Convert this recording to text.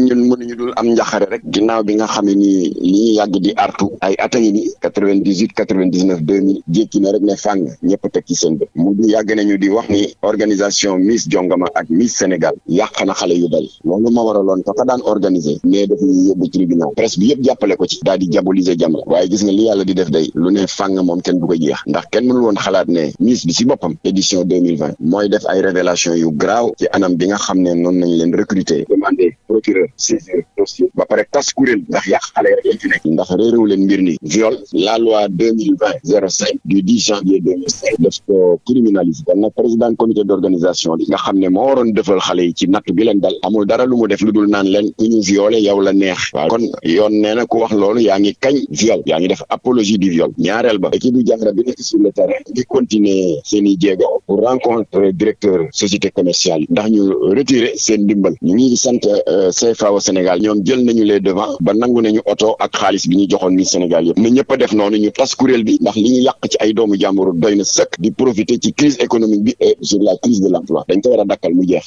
ñun u dul am njaxare rek ginnaaw bi nga xam ne ni li yàgg di artu ay at a ngi nii quatre vingt dix huit quatre vingt dix neuf deux mille jékki na rek ne fàng ñëpp teg ci seen bët mu du yàgg nañu di wax ni organisation Miss Jongama ak Miss Sénégal yàq na xale yu bari loolu ma waraloon ka ka daan organiser mais daf ñuy yóbbu tribunal presse bi yëpp jàppale ko ci daal di diaboliser Jamra waaye gis nga li yàlla di def day lu ne fàng moom kenn du ko jeex ndax kenn mënul woon xalaat ne Miss bi si boppam édition deux mooy def ay révélation yu graaw ci anam bi nga xam ne noonu nañ leen recruter demander saisir dossier ba pare tas kuréel ndax yàq xale rek lañ viol la loi deux mille vingt zéro cinq du dix janvier deux mille cinq daf ko criminaliser président comité d'organisation bi nga xam ne moo waroon defal xale ci natt bi leen dal amul dara lu mu def lu dul naan leen ku ñu violé yow la neex wa kon yoon nee na ku wax loolu yaa ngi kañ viol yaa ngi def apologie du viol ñaareel ba équipe bi jàngara bi nekk sur le terrain di continuer seen i jéego pour rencontrer directeur société commerciale ndax ñu retirer CFA Sénégal ñoom jël nañu les devants ba nangu nañu oto ak xaalis bi ñu joxoon ni Sénégal yëpp na ñëpp a def noonu ñu tas kuréel bi ndax li ñu yàq ci ay doomu jàmbur doy na sëkk di profiter ci crise économique bi et sur la crise de l'emploi dañ ko war a dakkal mu jeex